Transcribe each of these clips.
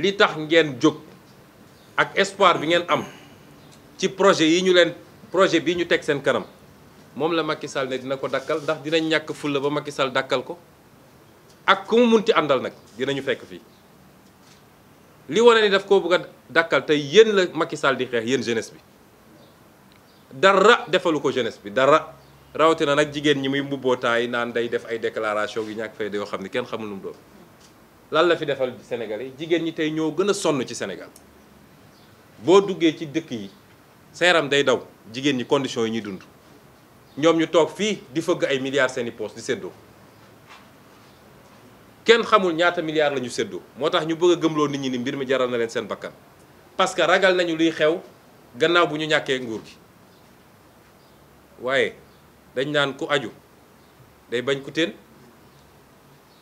li tax ngeen jog ak espoir bi ngeen am ci projet yi ñu leen projet karam, ñu tek seen kanam mom la Macky Sall ne dina ko dakkal ndax dina ñak ful ba Macky Sall dakkal ko ak ku mu munti andal nak dinañu fekk fi li wone ni daf ko bëgg dakkal tay yeen la Macky Sall di xex yeen jeunesse bi dara defaluko jeunesse bi dara na nak jigen ñi muy mbubboo naan day def ay déclaration yu ñak fay de yo xamni kenn xamul lu mu lan la fi defal Sénégalais yi jigéen ñi tey ñoo gën a sonn ci senegal boo duggee ci dëkk yi sa yaram day daw jigéen ñi conditions yi ñuy dund ñoom ñu toog fii di fëgg ay milliards seeni poos di séddoo kenn xamul ñaata milliards la ñu séddoo moo tax ñu bëgg gëmloo nit ñi ni mbir mi jaral na leen seen bakkan parce que ragal nañu luy xew gannaaw bu ñu ñàkkee nguur gi waaye dañ naan ku aju day bañ ku teen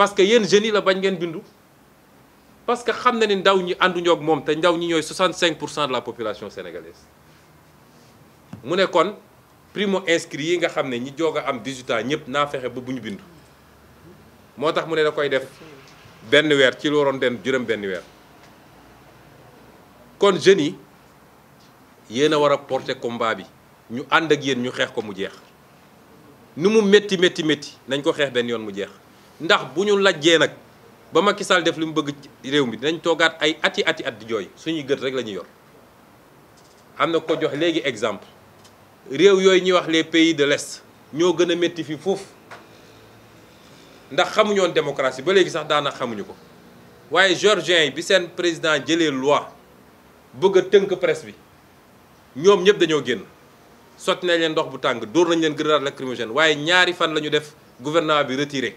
parce que yéen jeunes la bañ ngeen bindu parce que xamna ni ndaw ñi andu ñok mom te ndaw ñi ñoy 65 de la population sénégalaise mu ne kon primo inscrit yi nga xamne ñi joog am 18 ans ñep na fexé ba bu ñu bindu motax tax mu ne da koy def ben wèr ci lu den juróom ben wèr kon jeunes yi wara porter combat bi ñu and ak yéen ñu xex ko mu jeex nu mu metti metti métti nañ ko xex ben yoon mu jeex ndax bu ñu lajjee nag ba Macky Sall def li mu bëgg réew mi dinañ toogaat ay ati ati at di jooy suñuy gët rek la ñuy yor am na ko jox léegi exemple réew yooyu ñuy wax les pays de l'Est ñoo gën a métti fii foofu ndax xamuñoon démocratie ba léegi sax daana xamuñu ko waaye géorgien yi bi seen président jëlee loi bëgg a tënk presse bi ñoom ñëpp dañoo génn sotti nañ leen ndox bu tàng dóor nañ leen grenade lacrymogène waaye ñaari fan la ñu def gouvernement bi retiré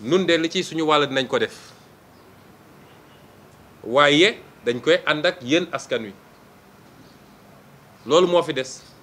nun de ci suñu wàll dinañ ko def waaye dañ koy ànd ak yéen askan wi loolu moo fi des